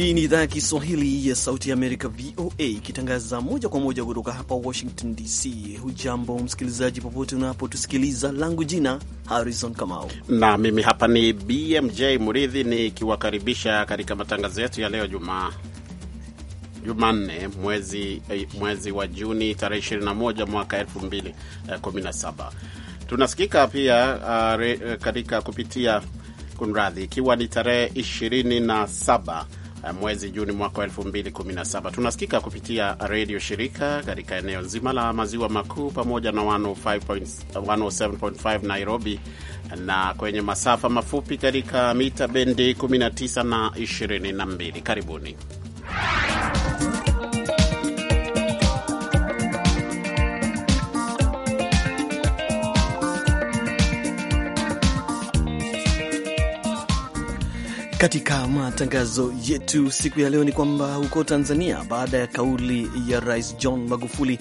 Hii ni idhaa ya Kiswahili ya Sauti ya Amerika, VOA, ikitangaza moja kwa moja kutoka hapa Washington DC. Hujambo msikilizaji, popote unapotusikiliza. Langu jina Harrison Kamau na mimi hapa ni BMJ Muridhi nikiwakaribisha katika matangazo yetu ya leo Jumaa Jumanne mwezi, eh, mwezi wa Juni tarehe 21 mwaka 2017. Eh, Tunasikika pia uh, katika kupitia kunradhi, ikiwa ni tarehe 27 mwezi Juni mwaka 217 Tunasikika kupitia redio shirika katika eneo zima la maziwa makuu pamoja na 107.5 Nairobi na kwenye masafa mafupi katika mita bendi 19 na 22. Karibuni. Katika matangazo yetu siku ya leo ni kwamba huko Tanzania, baada ya kauli ya Rais John Magufuli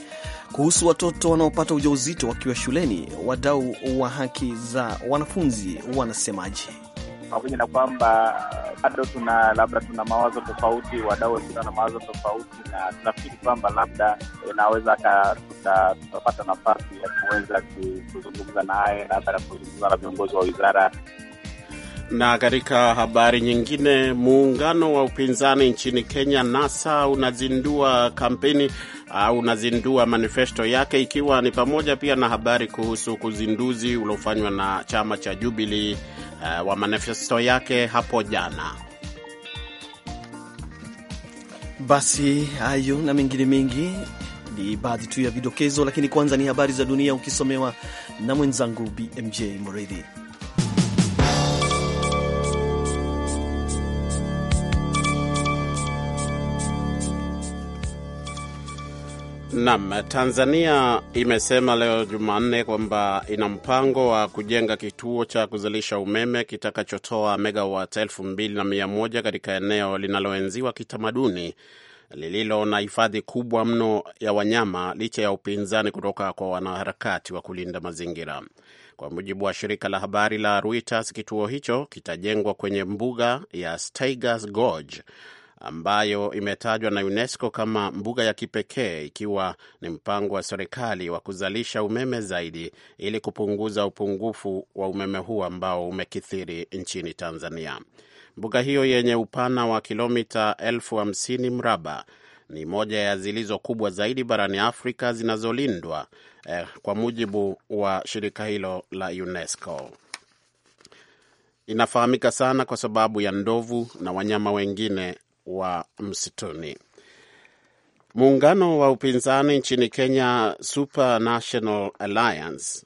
kuhusu watoto wanaopata ujauzito wakiwa shuleni, wadau wa haki za wanafunzi wanasemaje? Pamoja na kwamba bado tuna labda tuna mawazo tofauti, wadau wengine na mawazo tofauti, na tunafikiri kwamba labda inaweza tutapata nafasi ya kuweza kuzungumza naye, labda na kuzungumza na viongozi wa wizara na katika habari nyingine, muungano wa upinzani nchini Kenya NASA unazindua kampeni au uh, unazindua manifesto yake ikiwa ni pamoja pia na habari kuhusu uzinduzi uliofanywa na chama cha Jubilee uh, wa manifesto yake hapo jana. Basi hayo na mengine mengi ni baadhi tu ya vidokezo, lakini kwanza ni habari za dunia ukisomewa na mwenzangu BMJ Muridhi. nam Tanzania imesema leo Jumanne kwamba ina mpango wa kujenga kituo cha kuzalisha umeme kitakachotoa megawat elfu mbili na mia moja katika eneo linaloenziwa kitamaduni lililo na hifadhi kubwa mno ya wanyama licha ya upinzani kutoka kwa wanaharakati wa kulinda mazingira. Kwa mujibu wa shirika la habari la Reuters, kituo hicho kitajengwa kwenye mbuga ya Steigers Gorge ambayo imetajwa na UNESCO kama mbuga ya kipekee, ikiwa ni mpango wa serikali wa kuzalisha umeme zaidi ili kupunguza upungufu wa umeme huu ambao umekithiri nchini Tanzania. Mbuga hiyo yenye upana wa kilomita elfu hamsini mraba ni moja ya zilizo kubwa zaidi barani Afrika zinazolindwa eh, kwa mujibu wa shirika hilo la UNESCO. Inafahamika sana kwa sababu ya ndovu na wanyama wengine wa msituni. Muungano wa upinzani nchini Kenya, Super National Alliance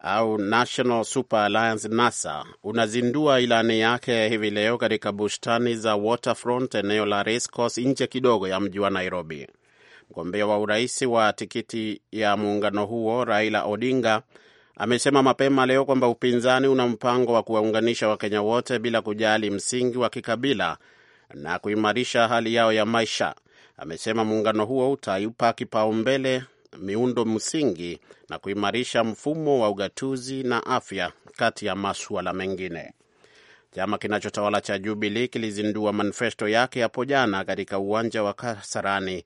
au National Super Alliance NASA, unazindua ilani yake hivi leo katika bustani za Waterfront, eneo la racecourse nje kidogo ya mji wa Nairobi. Mgombea wa urais wa tikiti ya muungano huo Raila Odinga amesema mapema leo kwamba upinzani una mpango wa kuwaunganisha Wakenya wote bila kujali msingi wa kikabila na kuimarisha hali yao ya maisha. Amesema muungano huo utaipa kipaumbele miundo msingi na kuimarisha mfumo wa ugatuzi na afya, kati ya masuala mengine. Chama kinachotawala cha Jubilee kilizindua manifesto yake hapo jana katika uwanja wa Kasarani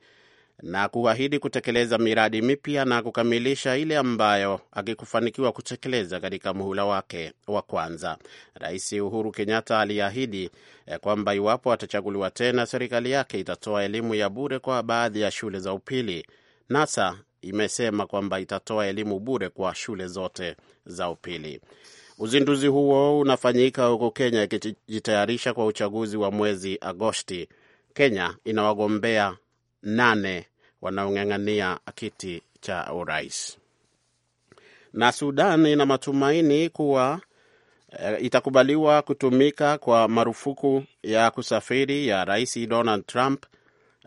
na kuahidi kutekeleza miradi mipya na kukamilisha ile ambayo akikufanikiwa kutekeleza katika muhula wake wa kwanza. Rais Uhuru Kenyatta aliahidi eh, kwamba iwapo atachaguliwa tena, serikali yake itatoa elimu ya bure kwa baadhi ya shule za upili. NASA imesema kwamba itatoa elimu bure kwa shule zote za upili. Uzinduzi huo unafanyika huko Kenya ikijitayarisha kwa uchaguzi wa mwezi Agosti. Kenya ina wagombea nane wanaong'ang'ania kiti cha urais. Na Sudan ina matumaini kuwa eh, itakubaliwa kutumika kwa marufuku ya kusafiri ya Rais Donald Trump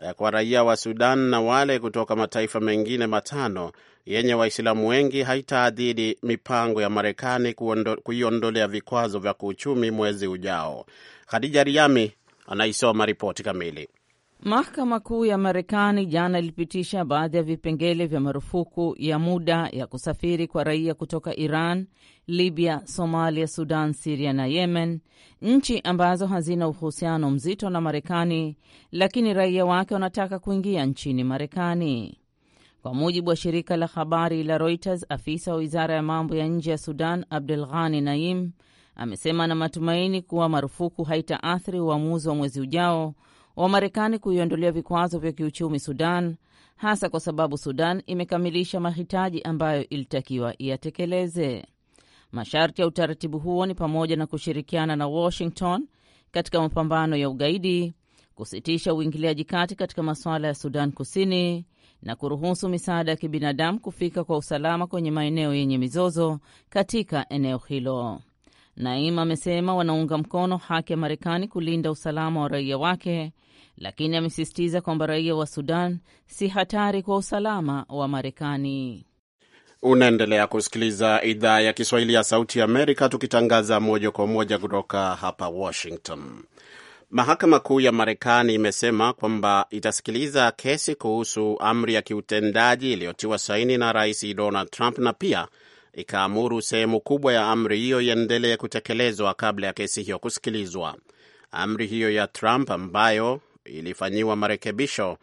eh, kwa raia wa Sudan na wale kutoka mataifa mengine matano yenye Waislamu wengi haitaadhiri mipango ya Marekani kuiondolea vikwazo vya kiuchumi mwezi ujao. Khadija Riami anaisoma ripoti kamili. Mahakama Kuu ya Marekani jana ilipitisha baadhi ya vipengele vya marufuku ya muda ya kusafiri kwa raia kutoka Iran, Libya, Somalia, Sudan, Siria na Yemen, nchi ambazo hazina uhusiano mzito na Marekani, lakini raia wake wanataka kuingia nchini Marekani. Kwa mujibu wa shirika la habari la Reuters, afisa wa wizara ya mambo ya nje ya Sudan, Abdul Ghani Naim, amesema na matumaini kuwa marufuku haitaathiri uamuzi wa mwezi ujao wa Marekani kuiondolea vikwazo vya kiuchumi Sudan, hasa kwa sababu Sudan imekamilisha mahitaji ambayo ilitakiwa iyatekeleze. Masharti ya utaratibu huo ni pamoja na kushirikiana na Washington katika mapambano ya ugaidi, kusitisha uingiliaji kati katika masuala ya Sudan Kusini na kuruhusu misaada ya kibinadamu kufika kwa usalama kwenye maeneo yenye mizozo katika eneo hilo. Naim amesema wanaunga mkono haki ya Marekani kulinda usalama wa raia wake lakini amesisitiza kwamba raia wa Sudan si hatari kwa usalama wa Marekani. Unaendelea kusikiliza idhaa ya Kiswahili ya Sauti ya Amerika, tukitangaza moja kwa moja kutoka hapa Washington. Mahakama Kuu ya Marekani imesema kwamba itasikiliza kesi kuhusu amri ya kiutendaji iliyotiwa saini na Rais Donald Trump na pia ikaamuru sehemu kubwa ya amri hiyo iendelee kutekelezwa kabla ya kesi hiyo kusikilizwa. Amri hiyo ya Trump ambayo ilifanyiwa marekebisho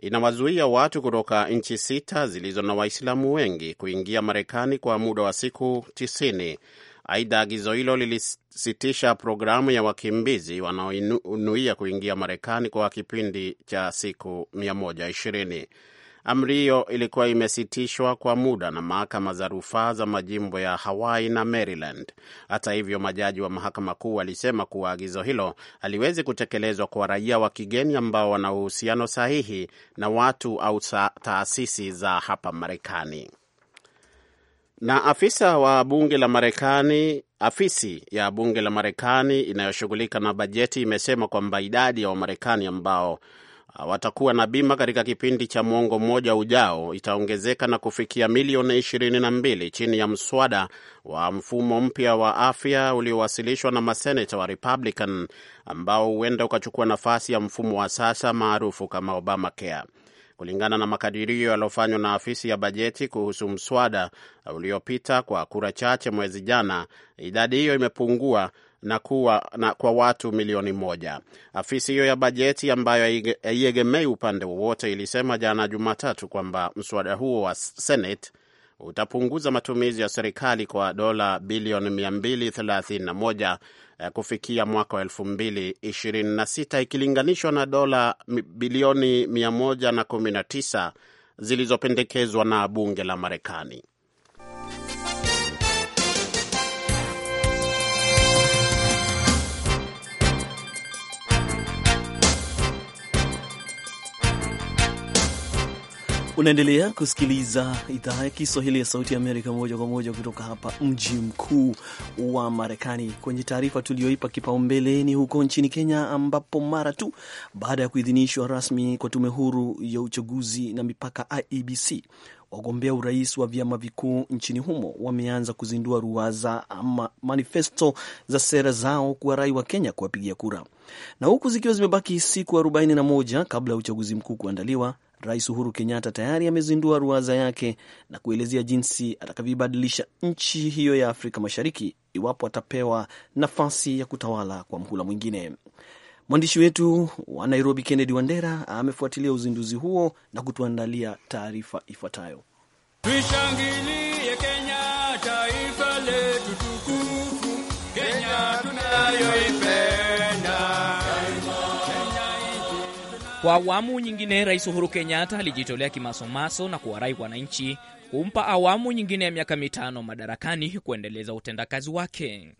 inawazuia watu kutoka nchi sita zilizo na Waislamu wengi kuingia Marekani kwa muda wa siku tisini. Aidha, agizo hilo lilisitisha programu ya wakimbizi wanaonuia kuingia Marekani kwa kipindi cha siku 120. Amri hiyo ilikuwa imesitishwa kwa muda na mahakama za rufaa za majimbo ya Hawaii na Maryland. Hata hivyo, majaji wa mahakama kuu walisema kuwa agizo hilo haliwezi kutekelezwa kwa raia wa kigeni ambao wana uhusiano sahihi na watu au taasisi za hapa Marekani. Na afisa wa bunge la Marekani, afisi ya bunge la Marekani inayoshughulika na bajeti imesema kwamba idadi ya Wamarekani ambao watakuwa na bima katika kipindi cha mwongo mmoja ujao itaongezeka na kufikia milioni ishirini na mbili chini ya mswada wa mfumo mpya wa afya uliowasilishwa na maseneta wa Republican ambao huenda ukachukua nafasi ya mfumo wa sasa maarufu kama Obamacare. Kulingana na makadirio yaliyofanywa na afisi ya bajeti kuhusu mswada uliopita kwa kura chache mwezi jana, idadi hiyo imepungua na kuwa na kwa watu milioni moja. Afisi hiyo ya bajeti ambayo haiegemei upande wowote ilisema jana Jumatatu kwamba mswada huo wa Senate utapunguza matumizi ya serikali kwa dola bilioni 231 eh, kufikia mwaka wa 2026 ikilinganishwa na dola bilioni 119 zilizopendekezwa na bunge la Marekani. Unaendelea kusikiliza idhaa ya Kiswahili ya Sauti ya Amerika moja kwa moja kutoka hapa mji mkuu wa Marekani. Kwenye taarifa tuliyoipa kipaumbele ni huko nchini Kenya, ambapo mara tu baada ya kuidhinishwa rasmi kwa tume huru ya uchaguzi na mipaka IEBC, wagombea urais wa vyama vikuu nchini humo wameanza kuzindua ruwaza ama manifesto za sera zao kuwarai wa Kenya kuwapigia kura. Na huku zikiwa zimebaki siku 41 kabla ya uchaguzi mkuu kuandaliwa, Rais Uhuru Kenyatta tayari amezindua ruwaza yake na kuelezea jinsi atakavyoibadilisha nchi hiyo ya Afrika Mashariki iwapo atapewa nafasi ya kutawala kwa mhula mwingine. Mwandishi wetu wa Nairobi, Kennedy Wandera, amefuatilia uzinduzi huo na kutuandalia taarifa ifuatayo. Tuishangilie Kenya, taifa letu tukufu, Kenya tunayoipenda. Kwa awamu nyingine, Rais Uhuru Kenyatta alijitolea kimasomaso na kuwarai wananchi kumpa awamu nyingine ya miaka mitano madarakani kuendeleza utendakazi wake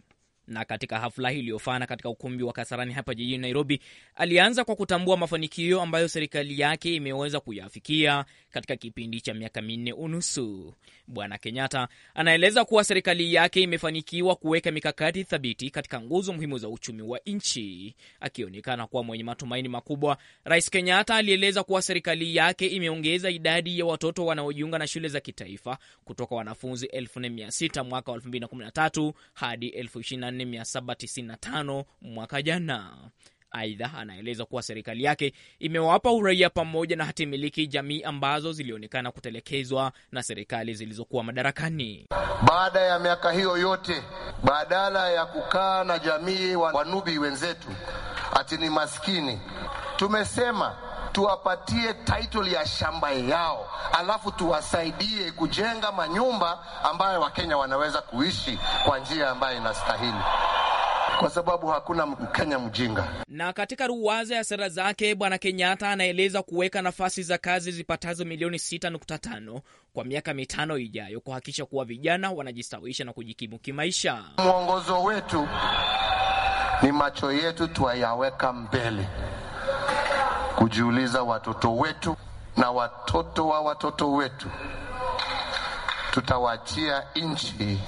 na katika hafla hii iliyofana katika ukumbi wa Kasarani hapa jijini Nairobi, alianza kwa kutambua mafanikio ambayo serikali yake imeweza kuyafikia katika kipindi cha miaka minne unusu. Bwana Kenyatta anaeleza kuwa serikali yake imefanikiwa kuweka mikakati thabiti katika nguzo muhimu za uchumi wa nchi. Akionekana kuwa mwenye matumaini makubwa, Rais Kenyatta alieleza kuwa serikali yake imeongeza idadi ya watoto wanaojiunga na shule za kitaifa kutoka wanafunzi 1600 mwaka 2013 hadi 2024 4795 mwaka jana. Aidha, anaeleza kuwa serikali yake imewapa uraia pamoja na hati miliki jamii ambazo zilionekana kutelekezwa na serikali zilizokuwa madarakani. Baada ya miaka hiyo yote, badala ya kukaa na jamii wanubi wenzetu ati ni maskini, tumesema tuwapatie title ya shamba yao, alafu tuwasaidie kujenga manyumba ambayo Wakenya wanaweza kuishi kwa njia ambayo inastahili kwa sababu hakuna Mkenya mjinga. Na katika ruwaza ya sera zake, Bwana Kenyatta anaeleza kuweka nafasi za kazi zipatazo milioni 6.5 kwa miaka mitano ijayo, kuhakikisha kuwa vijana wanajistawisha na kujikimu kimaisha. Mwongozo wetu ni macho yetu, twayaweka mbele kujiuliza watoto wetu na watoto wa watoto wetu tutawachia nchi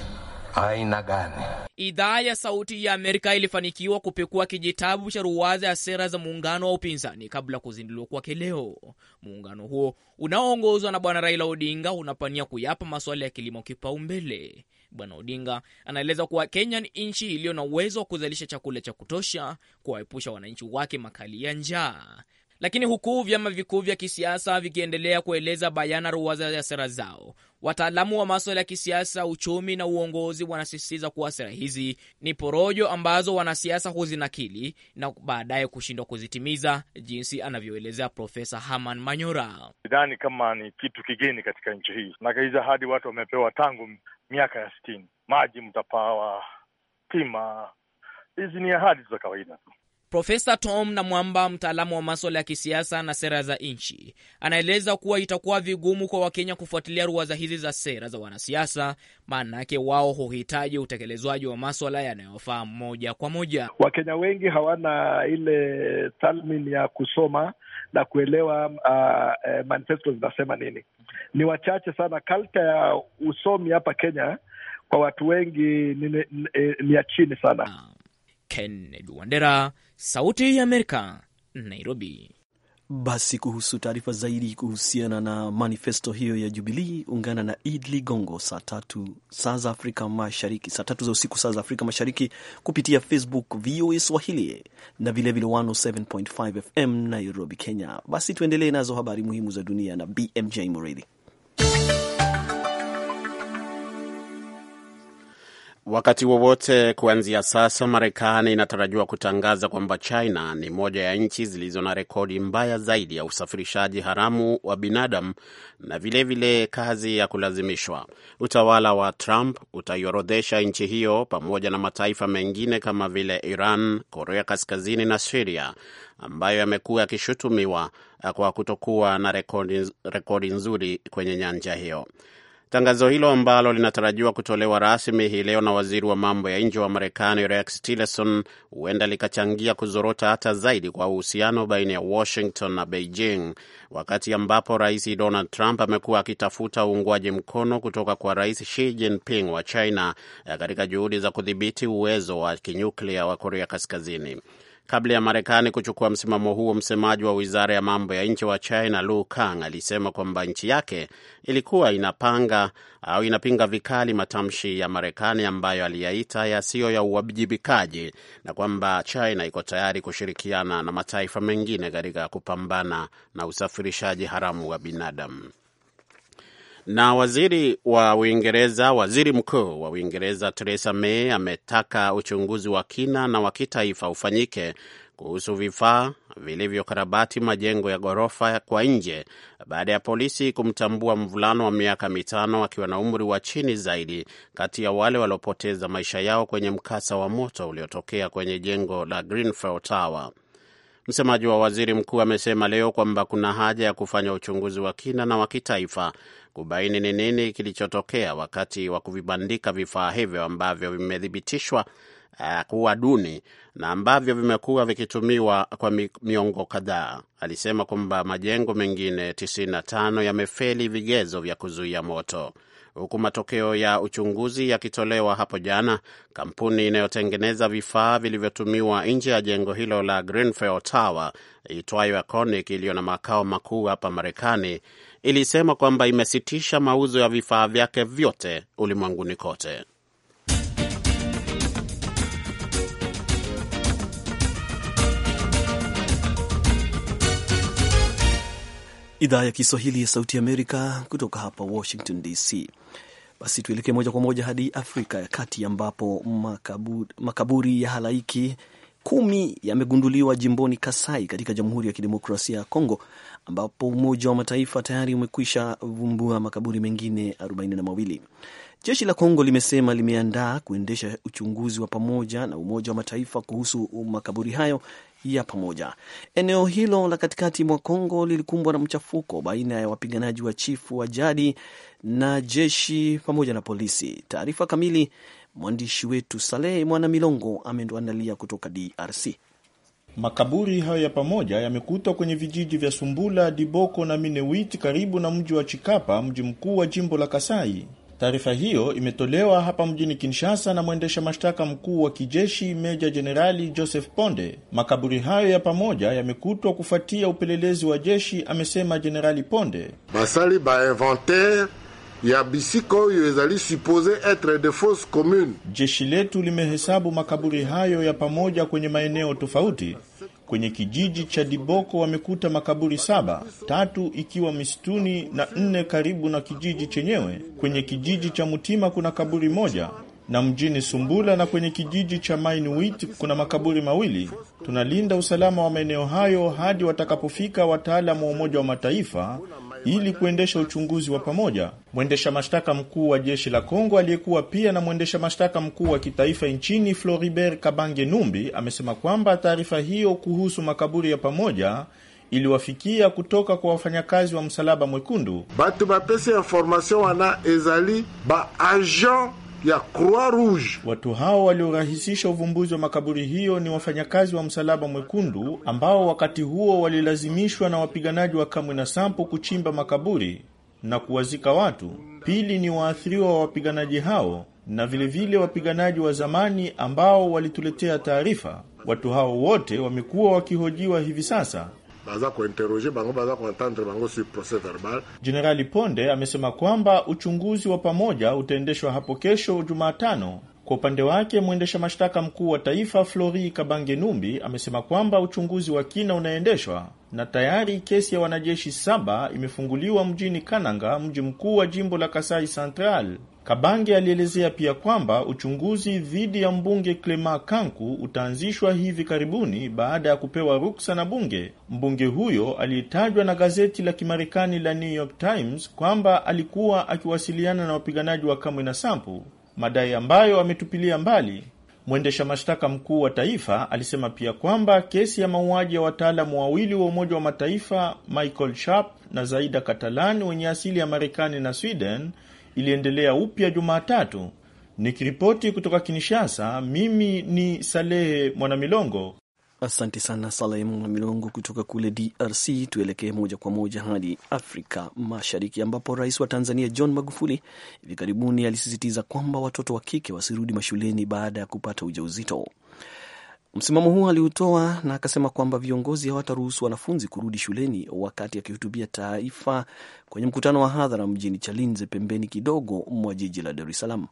aina gani? Idhaa ya Sauti ya Amerika ilifanikiwa kupekua kijitabu cha ruwaza ya sera za muungano wa upinzani kabla ya kuzinduliwa kwake leo. Muungano huo unaoongozwa na Bwana Raila Odinga unapania kuyapa masuala ya kilimo kipaumbele. Bwana Odinga anaeleza kuwa Kenya ni nchi iliyo na uwezo wa kuzalisha chakula cha kutosha kuwaepusha wananchi wake makali ya njaa. Lakini huku vyama vikuu vya kisiasa vikiendelea kueleza bayana ruwaza ya sera zao, wataalamu wa maswala ya kisiasa, uchumi na uongozi wanasisitiza kuwa sera hizi ni porojo ambazo wanasiasa huzinakili na baadaye kushindwa kuzitimiza, jinsi anavyoelezea Profesa haman Manyora. Sidhani kama ni kitu kigeni katika nchi hii, maka hizi ahadi watu wamepewa tangu miaka ya sitini. Maji mtapawa, stima, hizi ni ahadi za kawaida tu. Profesa Tom Namwamba, mtaalamu wa maswala ya kisiasa na sera za nchi, anaeleza kuwa itakuwa vigumu kwa Wakenya kufuatilia ruwaza hizi za sera za wanasiasa, maanake wao huhitaji utekelezwaji wa maswala yanayofaa moja kwa moja. Wakenya wengi hawana ile thalmini ya kusoma na kuelewa uh, eh, manifesto zinasema nini. Ni wachache sana. kalta ya usomi hapa Kenya kwa watu wengi ni, ni, ni, ni ya chini sana. Ah. Kennedy Wandera, Sauti ya Amerika, Nairobi. Basi kuhusu taarifa zaidi kuhusiana na manifesto hiyo ya Jubilii, ungana na Id Ligongo saa tatu saa za Afrika Mashariki, saa tatu za usiku saa za Afrika Mashariki kupitia Facebook VOA Swahili na vilevile 107.5 FM Nairobi, Kenya. Basi tuendelee nazo habari muhimu za dunia na BMJ Muridi. Wakati wowote kuanzia sasa, Marekani inatarajiwa kutangaza kwamba China ni moja ya nchi zilizo na rekodi mbaya zaidi ya usafirishaji haramu wa binadamu na vilevile vile kazi ya kulazimishwa. Utawala wa Trump utaiorodhesha nchi hiyo pamoja na mataifa mengine kama vile Iran, Korea Kaskazini na Siria ambayo yamekuwa yakishutumiwa kwa kutokuwa na rekodi nzuri kwenye nyanja hiyo. Tangazo hilo ambalo linatarajiwa kutolewa rasmi hii leo na waziri wa mambo ya nje wa Marekani Rex Tillerson huenda likachangia kuzorota hata zaidi kwa uhusiano baina ya Washington na Beijing, wakati ambapo Rais Donald Trump amekuwa akitafuta uungwaji mkono kutoka kwa Rais Xi Jinping wa China eh, katika juhudi za kudhibiti uwezo wa kinyuklia wa Korea Kaskazini. Kabla ya Marekani kuchukua msimamo huo, msemaji wa wizara ya mambo ya nje wa China Lu Kang alisema kwamba nchi yake ilikuwa inapanga au inapinga vikali matamshi ya Marekani ambayo aliyaita yasiyo ya uwajibikaji na kwamba China iko tayari kushirikiana na mataifa mengine katika kupambana na usafirishaji haramu wa binadamu. Na waziri wa Uingereza, waziri mkuu wa Uingereza Theresa May ametaka uchunguzi wa kina na wa kitaifa ufanyike kuhusu vifaa vilivyokarabati majengo ya ghorofa kwa nje baada ya polisi kumtambua mvulano wa miaka mitano akiwa na umri wa chini zaidi kati ya wale waliopoteza maisha yao kwenye mkasa wa moto uliotokea kwenye jengo la Grenfell Tower. Msemaji wa waziri mkuu amesema leo kwamba kuna haja ya kufanya uchunguzi wa kina na wa kitaifa kubaini ni nini kilichotokea wakati wa kuvibandika vifaa hivyo ambavyo vimethibitishwa uh, kuwa duni na ambavyo vimekuwa vikitumiwa kwa miongo kadhaa. Alisema kwamba majengo mengine 95 yamefeli vigezo vya kuzuia moto. Huku matokeo ya uchunguzi yakitolewa hapo jana, kampuni inayotengeneza vifaa vilivyotumiwa nje ya jengo hilo la Grenfell Tower iitwayo Iconic iliyo na makao makuu hapa Marekani ilisema kwamba imesitisha mauzo ya vifaa vyake vyote ulimwenguni kote. Idhaa ya Kiswahili ya Sauti Amerika kutoka hapa Washington DC. Basi tuelekee moja kwa moja hadi Afrika ya Kati ambapo makaburi, makaburi ya halaiki kumi yamegunduliwa jimboni Kasai katika Jamhuri ya Kidemokrasia ya Kongo, ambapo Umoja wa Mataifa tayari umekwisha vumbua makaburi mengine 4 na Jeshi la Kongo limesema limeandaa kuendesha uchunguzi wa pamoja na Umoja wa Mataifa kuhusu makaburi hayo ya pamoja. Eneo hilo la katikati mwa Kongo lilikumbwa na mchafuko baina ya wapiganaji wa chifu wa jadi na jeshi pamoja na polisi. Taarifa kamili mwandishi wetu Saleh Mwana Milongo ametuandalia kutoka DRC. Makaburi hayo ya pamoja yamekutwa kwenye vijiji vya Sumbula, Diboko na Minewiti karibu na mji wa Chikapa, mji mkuu wa jimbo la Kasai. Taarifa hiyo imetolewa hapa mjini Kinshasa na mwendesha mashtaka mkuu wa kijeshi Meja Jenerali Joseph Ponde. Makaburi hayo ya pamoja yamekutwa kufuatia upelelezi wa jeshi, amesema Jenerali Ponde. basali ba inventaire ya bisika oyo ezali supose etre de fausse commune. Jeshi letu limehesabu makaburi hayo ya pamoja kwenye maeneo tofauti kwenye kijiji cha Diboko wamekuta makaburi saba, tatu ikiwa misituni na nne karibu na kijiji chenyewe. Kwenye kijiji cha Mutima kuna kaburi moja na mjini Sumbula na kwenye kijiji cha Mainwit kuna makaburi mawili. Tunalinda usalama wa maeneo hayo hadi watakapofika wataalamu wa Umoja wa Mataifa ili kuendesha uchunguzi wa pamoja. Mwendesha mashtaka mkuu wa jeshi la Kongo aliyekuwa pia na mwendesha mashtaka mkuu wa kitaifa nchini Floribert Kabange Numbi amesema kwamba taarifa hiyo kuhusu makaburi ya pamoja iliwafikia kutoka kwa wafanyakazi wa Msalaba Mwekundu. batu bapesa informasio wana ezali ba agent ya Croix Rouge. Watu hao waliorahisisha uvumbuzi wa makaburi hiyo ni wafanyakazi wa Msalaba Mwekundu ambao wakati huo walilazimishwa na wapiganaji wa Kamwe na Sampo kuchimba makaburi na kuwazika watu. Pili ni waathiriwa wa wapiganaji hao na vilevile vile wapiganaji wa zamani ambao walituletea taarifa. Watu hao wote wamekuwa wakihojiwa hivi sasa baza kuinteroge bango, baza kuentendre bango sur procès verbal. Jenerali Ponde amesema kwamba uchunguzi wa pamoja utaendeshwa hapo kesho Jumatano. Kwa upande wake mwendesha mashtaka mkuu wa taifa Flori Kabange Numbi amesema kwamba uchunguzi wa kina unaendeshwa na tayari kesi ya wanajeshi saba imefunguliwa mjini Kananga, mji mkuu wa jimbo la Kasai Central. Kabange alielezea pia kwamba uchunguzi dhidi ya mbunge Clema Kanku utaanzishwa hivi karibuni baada ya kupewa ruksa na bunge. Mbunge huyo aliyetajwa na gazeti la Kimarekani la New York Times kwamba alikuwa akiwasiliana na wapiganaji wa kamwe na Sampu, madai ambayo ametupilia mbali. Mwendesha mashtaka mkuu wa taifa alisema pia kwamba kesi ya mauaji ya wataalamu wawili wa Umoja wa Mataifa Michael Sharp na Zaida Catalan wenye asili ya Marekani na Sweden iliendelea upya Jumatatu. Nikiripoti kutoka Kinshasa, mimi ni Salehe Mwanamilongo. Asante sana Salehe Mwanamilongo kutoka kule DRC. Tuelekee moja kwa moja hadi Afrika Mashariki, ambapo rais wa Tanzania John Magufuli hivi karibuni alisisitiza kwamba watoto wa kike wasirudi mashuleni baada ya kupata ujauzito. Msimamo huu aliutoa na akasema kwamba viongozi hawataruhusu wanafunzi kurudi shuleni wakati akihutubia taifa kwenye mkutano wa hadhara mjini Chalinze, pembeni kidogo mwa jiji la Dar es Salaam.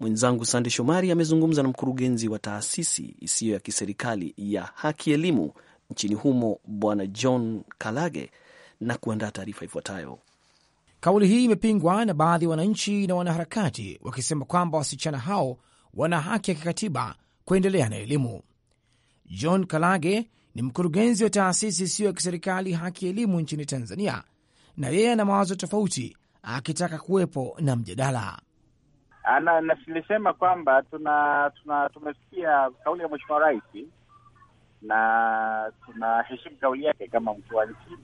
Mwenzangu Sande Shomari amezungumza na mkurugenzi wa taasisi isiyo ya kiserikali ya Haki Elimu nchini humo, Bwana John Kalage na kuandaa taarifa ifuatayo. Kauli hii imepingwa na baadhi ya wananchi na wanaharakati wakisema kwamba wasichana hao wana haki ya kikatiba kuendelea na elimu. John Kalage ni mkurugenzi wa taasisi isiyo ya kiserikali Haki Elimu nchini Tanzania, na yeye ana mawazo tofauti, akitaka kuwepo na mjadala. Nilisema kwamba tuna, tuna tumesikia kauli ya Mheshimiwa Rais na tunaheshimu kauli yake kama mkuu wa nchi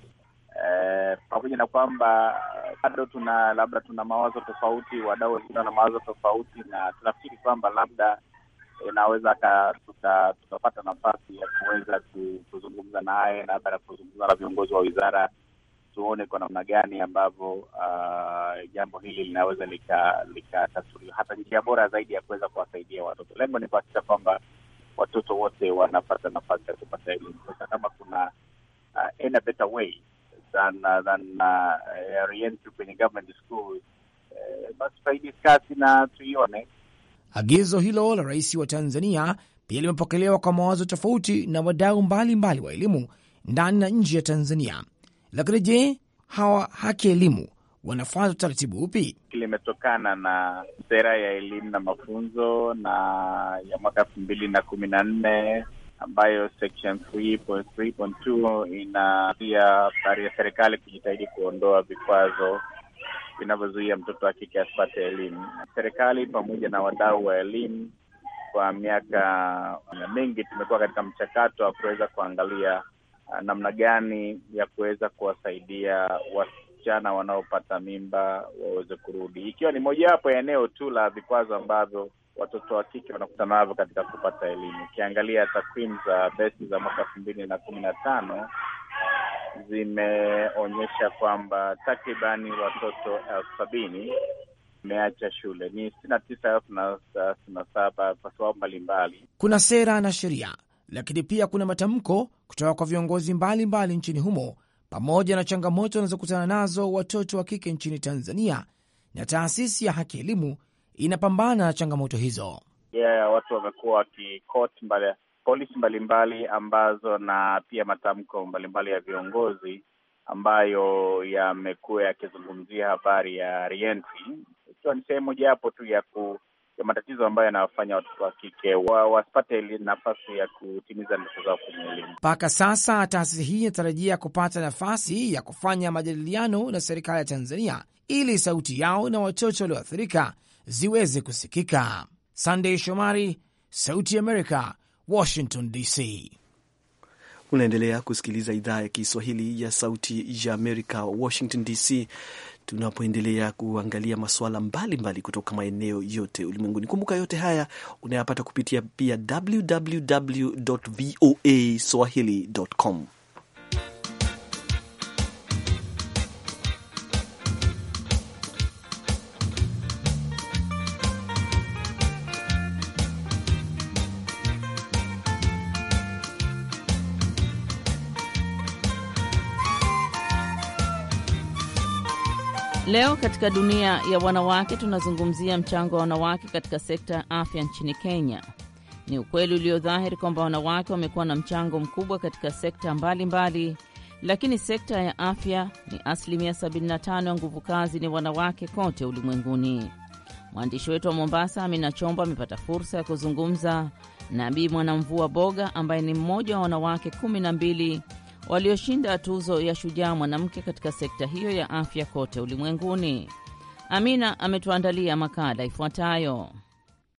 eh, pamoja na kwamba bado tuna labda tuna mawazo tofauti, wadau wengine wana mawazo tofauti, na tunafikiri kwamba labda unaweza tukapata nafasi ya kuweza kuzungumza naye na labda na kuzungumza na viongozi wa wizara, tuone kwa namna gani ambavyo uh, jambo hili linaweza likatatuliwa, hata njia bora zaidi ya kuweza kuwasaidia watoto. Lengo ni kuhakikisha kwamba watoto wote wanapata nafasi ya kupata elimu. Sasa kama kuna uh, ah, in better way than than uh, kwenye government school, eh, basi tutaidiskasi na tuione Agizo hilo la rais wa Tanzania pia limepokelewa kwa mawazo tofauti na wadau mbalimbali wa elimu ndani na nje ya Tanzania. Lakini je, hawa haki elimu wanafuata utaratibu upi? Limetokana na sera ya elimu na mafunzo na ya mwaka elfu mbili na kumi na nne ambayo section 3.3.2 bari ya serikali kujitahidi kuondoa vikwazo vinavyozuia mtoto wa kike asipate elimu. Serikali pamoja na wadau wa elimu, kwa miaka mingi tumekuwa katika mchakato wa kuweza kuangalia uh, namna gani ya kuweza kuwasaidia wasichana wanaopata mimba waweze kurudi, ikiwa ni mojawapo ya eneo tu la vikwazo ambavyo watoto wa kike wanakutana navyo katika kupata elimu. Ukiangalia takwimu za besi za mwaka elfu mbili na kumi na tano zimeonyesha kwamba takribani watoto elfu sabini meacha shule, ni sitini na tisa elfu na sitini na saba kwa sababu mbalimbali. Kuna sera na sheria, lakini pia kuna matamko kutoka kwa viongozi mbalimbali mbali nchini humo, pamoja na changamoto wanazokutana nazo watoto wa kike nchini Tanzania, na taasisi ya haki elimu inapambana na changamoto hizo. Yeah, watu wamekuwa wakikot mbali polisi mbalimbali ambazo na pia matamko mbalimbali ya viongozi ambayo yamekuwa yakizungumzia habari ya rienti ikiwa ni sehemu mojawapo tu ya ku ya matatizo ambayo yanawafanya watoto wa kike wasipate nafasi ya kutimiza ndoto zao kwenye elimu. Mpaka sasa taasisi hii inatarajia kupata nafasi ya kufanya majadiliano na serikali ya Tanzania ili sauti yao na watoto walioathirika ziweze kusikika. Sandey Shomari, Sauti ya Amerika, Washington DC. Unaendelea kusikiliza idhaa ya Kiswahili ya Sauti ya Amerika, Washington DC, tunapoendelea kuangalia masuala mbalimbali kutoka maeneo yote ulimwenguni. Kumbuka yote haya unayapata kupitia pia www voa swahili com Leo katika dunia ya wanawake tunazungumzia mchango wa wanawake katika sekta ya afya nchini Kenya. Ni ukweli ulio dhahiri kwamba wanawake wamekuwa na mchango mkubwa katika sekta mbalimbali mbali, lakini sekta ya afya ni asilimia 75 ya nguvu kazi ni wanawake kote ulimwenguni. Mwandishi wetu wa Mombasa, Amina Chombo, amepata fursa ya kuzungumza na Bi Mwanamvua Boga ambaye ni mmoja wa wanawake kumi na mbili walioshinda tuzo ya shujaa mwanamke katika sekta hiyo ya afya kote ulimwenguni. Amina ametuandalia makala ifuatayo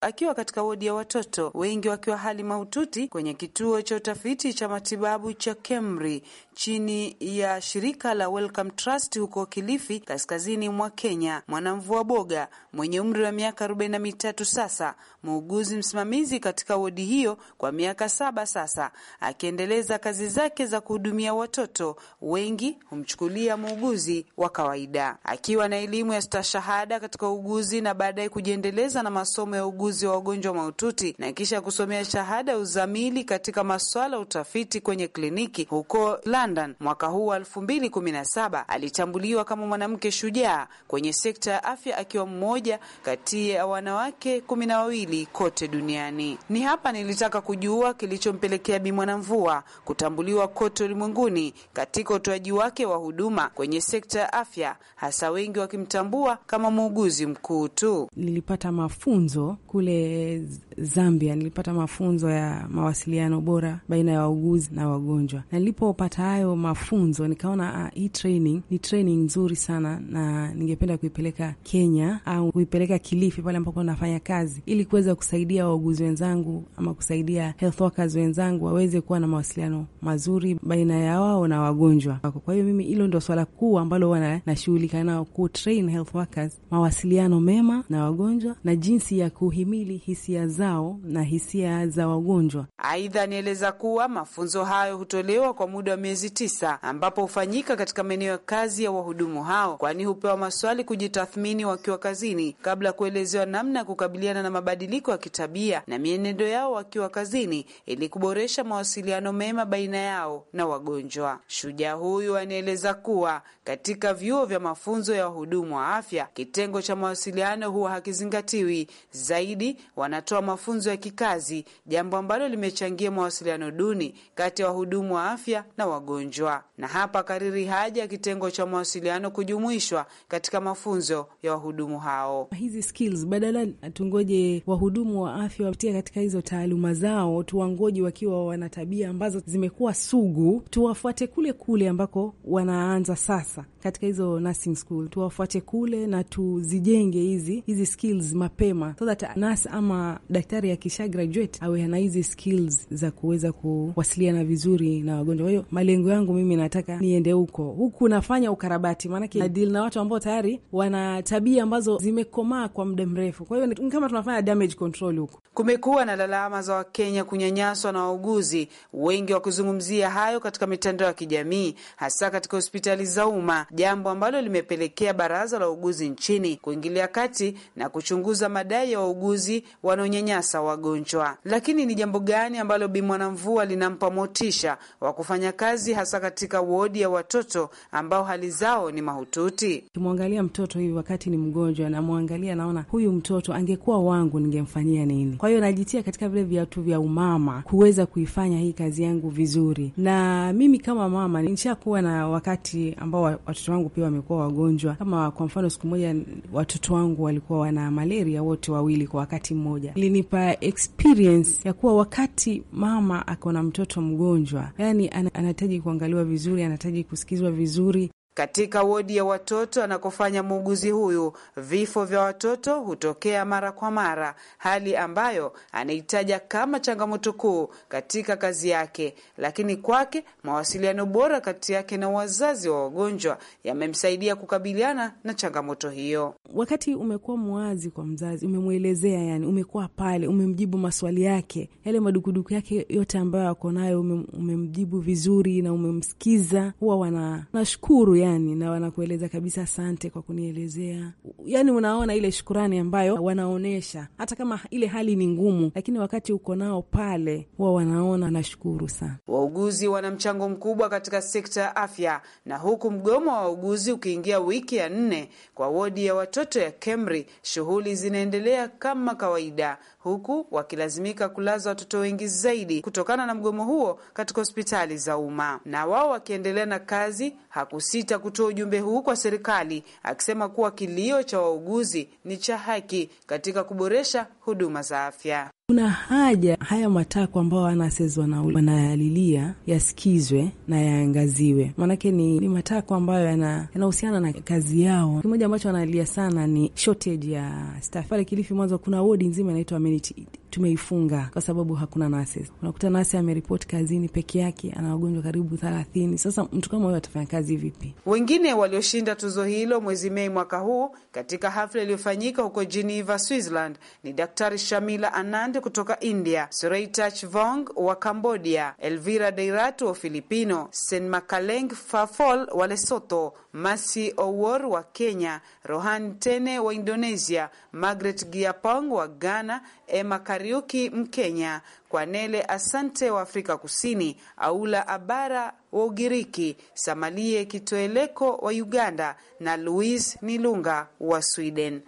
akiwa katika wodi ya watoto, wengi wakiwa hali mahututi kwenye kituo cha utafiti cha matibabu cha KEMRI chini ya shirika la Welcome Trust huko Kilifi, kaskazini mwa Kenya. Mwanamvua Boga mwenye umri wa miaka arobaini na mitatu sasa, muuguzi msimamizi katika wodi hiyo kwa miaka saba sasa, akiendeleza kazi zake za kuhudumia watoto, wengi humchukulia muuguzi wa kawaida, akiwa na elimu ya stashahada katika uuguzi na baadaye kujiendeleza na masomo ya uuguzi uuguzi wa wagonjwa mahututi na kisha kusomea shahada ya uzamili katika masuala ya utafiti kwenye kliniki huko London. Mwaka huu wa 2017. alitambuliwa kama mwanamke shujaa kwenye sekta ya afya akiwa mmoja kati ya wanawake kumi na wawili kote duniani. Ni hapa nilitaka kujua kilichompelekea Bi Mwanamvua kutambuliwa kote ulimwenguni katika utoaji wake wa huduma kwenye sekta ya afya, hasa wengi wakimtambua kama muuguzi mkuu tu. Nilipata mafunzo kule Zambia nilipata mafunzo ya mawasiliano bora baina ya wauguzi na wagonjwa, na nilipopata hayo mafunzo nikaona uh, hii training ni training nzuri sana, na ningependa kuipeleka Kenya au kuipeleka Kilifi pale ambapo nafanya kazi, ili kuweza kusaidia wauguzi wenzangu ama kusaidia health workers wenzangu waweze kuwa na mawasiliano mazuri baina ya wao na wagonjwa. Kwa hiyo mimi hilo ndo swala kuu ambalo huwa nashughulika nao, ku train health workers mawasiliano mema na wagonjwa na jinsi ya kuhim kuhimili hisia zao na hisia za wagonjwa. Aidha, anaeleza kuwa mafunzo hayo hutolewa kwa muda wa miezi tisa, ambapo hufanyika katika maeneo ya kazi ya wahudumu hao, kwani hupewa maswali kujitathmini wakiwa kazini kabla ya kuelezewa namna ya kukabiliana na mabadiliko ya kitabia na mienendo yao wakiwa kazini ili kuboresha mawasiliano mema baina yao na wagonjwa. Shujaa huyu anaeleza kuwa katika vyuo vya mafunzo ya wahudumu wa afya kitengo cha mawasiliano huwa hakizingatiwi zaidi zaidi wanatoa mafunzo ya kikazi, jambo ambalo limechangia mawasiliano duni kati ya wahudumu wa afya na wagonjwa. Na hapa kariri haja ya kitengo cha mawasiliano kujumuishwa katika mafunzo ya wahudumu hao. Hizi skills badala tungoje wahudumu wa afya wapitia katika hizo taaluma zao, tuwangoji wakiwa wana tabia ambazo zimekuwa sugu, tuwafuate kule kule ambako wanaanza sasa katika hizo nursing school, tuwafuate kule na tuzijenge hizi hizi skills mapema so that nurse ama daktari akisha graduate awe ana hizi skills za kuweza kuwasiliana vizuri na wagonjwa. Kwa hiyo malengo yangu mimi nataka niende huko, huku nafanya ukarabati, maanake na deal na watu ambao tayari wana tabia ambazo zimekomaa kwa muda mrefu. Kwa hiyo ni kama tunafanya damage control huko. Kumekuwa na lalama za Wakenya kunyanyaswa na wauguzi, wengi wakizungumzia hayo katika mitandao ya kijamii, hasa katika hospitali za umma, jambo ambalo limepelekea baraza la wauguzi nchini kuingilia kati na kuchunguza madai ya wauguzi wauguzi wanaonyanyasa wagonjwa. Lakini ni jambo gani ambalo Bi Mwanamvua linampa motisha wa kufanya kazi hasa katika wodi ya watoto ambao hali zao ni mahututi? Kimwangalia mtoto hivi wakati ni mgonjwa, namwangalia naona huyu mtoto angekuwa wangu ningemfanyia nini? Kwa hiyo najitia katika vile viatu vya umama kuweza kuifanya hii kazi yangu vizuri, na mimi kama mama nishakuwa na wakati ambao watoto wangu pia wamekuwa wagonjwa. Kama kwa mfano siku moja watoto wangu walikuwa wana malaria wote wawili kwa wakati mmoja. Ilinipa experience ya kuwa wakati mama ako na mtoto mgonjwa, yani anahitaji kuangaliwa vizuri, anahitaji kusikizwa vizuri, katika wodi ya watoto anakofanya muuguzi huyu, vifo vya watoto hutokea mara kwa mara, hali ambayo anaitaja kama changamoto kuu katika kazi yake. Lakini kwake, mawasiliano bora kati yake na wazazi wa wagonjwa yamemsaidia kukabiliana na changamoto hiyo. Wakati umekuwa mwazi kwa mzazi, umemwelezea, yani umekuwa pale, umemjibu maswali yake, yale madukuduku yake yote ambayo ako nayo, umemjibu vizuri na umemsikiza, huwa wanashukuru yani gani, na wanakueleza kabisa, asante kwa kunielezea. Yani unaona ile shukurani ambayo wanaonyesha, hata kama ile hali ni ngumu, lakini wakati uko nao pale huwa wanaona, nashukuru sana. Wauguzi wana mchango mkubwa katika sekta ya afya, na huku mgomo wa wauguzi ukiingia wiki ya nne kwa wodi ya watoto ya KEMRI, shughuli zinaendelea kama kawaida, huku wakilazimika kulaza watoto wengi zaidi kutokana na mgomo huo katika hospitali za umma, na wao wakiendelea na kazi hakusita Aliita kutoa ujumbe huu kwa serikali akisema kuwa kilio cha wauguzi ni cha haki katika kuboresha huduma za afya kuna haja haya matakwa ambao wanases wanayalilia yasikizwe na yaangaziwe, maanake ni, ni matakwa ambayo yanahusiana na kazi yao. Kimoja ambacho wanalilia sana ni shortage ya staff pale Kilifi Mwanza. Kuna wodi nzima inaitwa amenity tumeifunga kwa sababu hakuna nurses. Unakuta nurse ameripoti kazini peke yake, ana wagonjwa karibu thelathini. Sasa mtu kama huyo atafanya kazi vipi? Wengine walioshinda tuzo hilo mwezi Mei mwaka huu katika hafla iliyofanyika huko Geneva, Switzerland ni Daktari Shamila Anand Smith kutoka India, Soreita vong wa Cambodia, Elvira Deiratu wa Filipino, sen makaleng Fafol wa Lesoto, Masi Owor wa Kenya, Rohan Tene wa Indonesia, Margaret Giapong wa Ghana, Emma Kariuki Mkenya, Kwanele Asante wa Afrika Kusini, Aula Abara wa Ugiriki, Samalie Kitoeleko wa Uganda na Louise Nilunga wa Sweden.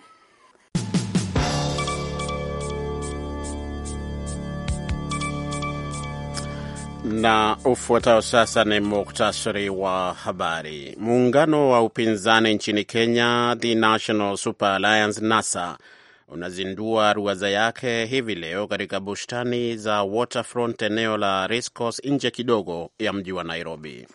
Na ufuatao sasa ni muktasari wa habari. Muungano wa upinzani nchini Kenya, The National Super Alliance, NASA, unazindua ruwaza yake hivi leo katika bustani za Waterfront, eneo la Racecourse, nje kidogo ya mji wa Nairobi.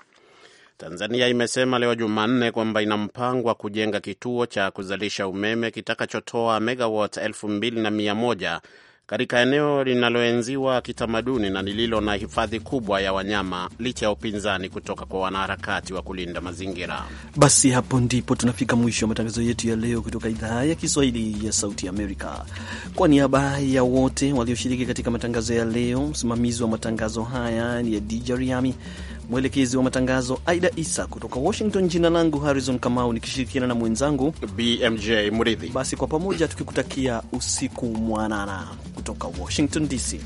Tanzania imesema leo Jumanne kwamba ina mpango wa kujenga kituo cha kuzalisha umeme kitakachotoa megawat elfu mbili na mia moja katika eneo linaloenziwa kitamaduni na lililo na hifadhi kubwa ya wanyama licha ya upinzani kutoka kwa wanaharakati wa kulinda mazingira. Basi hapo ndipo tunafika mwisho wa matangazo yetu ya leo kutoka idhaa ya Kiswahili ya Sauti Amerika. Kwa niaba ya wote walioshiriki katika matangazo ya leo, msimamizi wa matangazo haya ni ya DJ Riami mwelekezi wa matangazo Aida Isa kutoka Washington. Jina langu Harrison Kamau, nikishirikiana na mwenzangu BMJ mridhi Basi kwa pamoja tukikutakia usiku mwanana kutoka Washington DC.